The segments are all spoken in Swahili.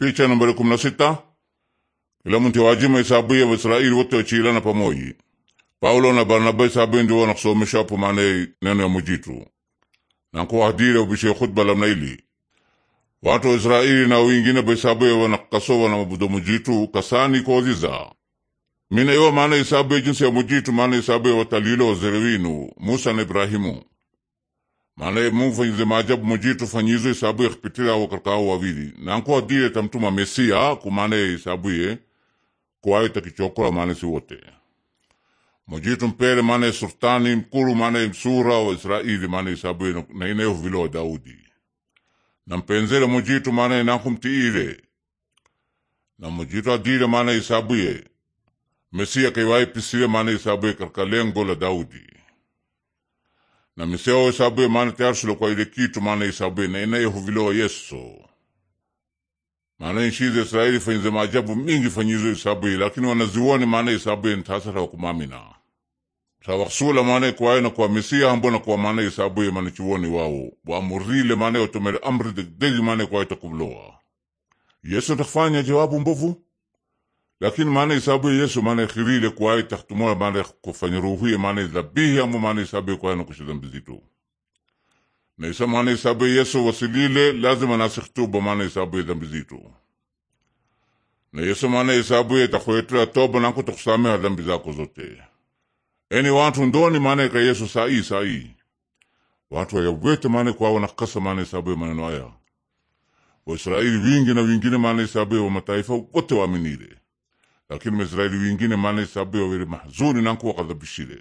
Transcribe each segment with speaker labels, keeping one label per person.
Speaker 1: Picha nambari kumi na sita kila mtu wajima isabuye wa Israeli wote wachilana pamoja. Paulo na Barnaba isabuye ndio wanakusomesha hapo maana neno ya mujitu hadira ubishe khutba la mnaili watu wa Israeli na wengine wana kasowa na mabudo mujitu kasani koziza mina iwa maana ya jinsi ya mujitu maana ya watalilo wazerewinu Musa na Ibrahimu maana muvanyize maajabu muji tufanyize isabu ya ao katika ao wawili nanku adile tamtuma mesia kumane isabuye kuwaye takichokora mane si wote mpele tumpele mane sultani mkulu mane msura wa Israeli mane isabuye na inayo vilo wa Daudi na mpenzele mujitu mane nanku mtiile na mujitu adile mane isabuye mesia kaiwai pisile mane isabuye katika lengo la Daudi na miseo isabuye mana te arsilo kwa ile kitu mana isabuye na ina yehuviloa Yesu maana nchi za Israeli fanyize maajabu mingi fanyizo isabue lakini wanaziwoni maana isabuye ntasara wakumamina tawaksula maana ikwaye na kwa misia ambona kwa maana isabue mana chiwoni wao waamurile maana yotomere amri degdegi maana ikwaye takumloa Yesu ntakufanya jawabu mbovu lakini maana isabu yesu maana khirire kuwai takhtumoya maana kufanya ruhuye maana dhabihi amo maana isabu kwa nakusha kushida mbizitu na isa maana isabu yesu wasilile lazima nasikhtuba maana isabu dhambi zitu na yesu maana isabu yetakhuetela toba nanku takusameha dhambi zako zote eni wantu ndoni maana ka yesu sai sai watu wayawete maana kwawa nakasa maana isabu maneno haya waisraeli wingi na wingine maana isabu wamataifa wote waaminile lakini maisraeli wingine maana isabuya weri mahzuni wakadhabishile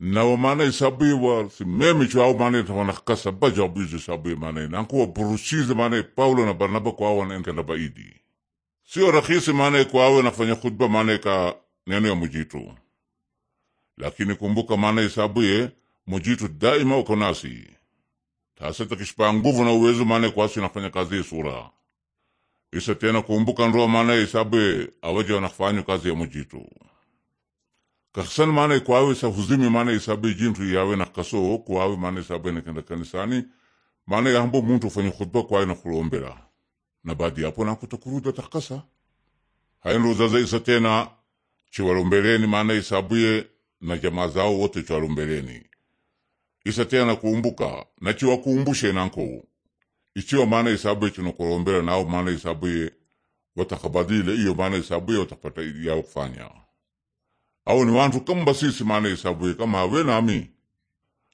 Speaker 1: nawo maana isabuye wa simemicho au maana tawanakasaba jabuizo isabuye maana nankuwa burushize maana paulo na barnaba kwawana baidi sio rahisi maana kwawe nafanya khutba maana ka neno ya mujitu lakini kumbuka maana ye mujitu daima ukonasi tasa takishpa nguvu na uwezo maana kwasi nafanya kazi sura isa tena kumbuka nroa maana isabwe awaje wanakfanyu kazi ya mujitu kaksan maana ikwawe isa huzimi maana isabwe jintu yawe na kaso kwawe maana isabwe nakenda kanisani maana yahambo mtu ufanye khutba kwawe na kulombera na baadi yapo kutakuruda takasa hainrozaza isa tena chiwalumbeleni maana isabuye na jamaa zao wote chiwalumbeleni isa tena kumbuka na nachiwakumbushe nankou ichiwa maana isabuye chino kulombela nao maana isabuye watakabadile iyo maana isabuye watakapata yao kufanya au ni wantu kama basisi maana isabuye kama hawe nami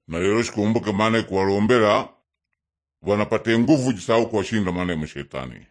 Speaker 1: na yeroshi kumbuke maana kuwalombela wanapate nguvu jisau kuwashinda maana ya mashetani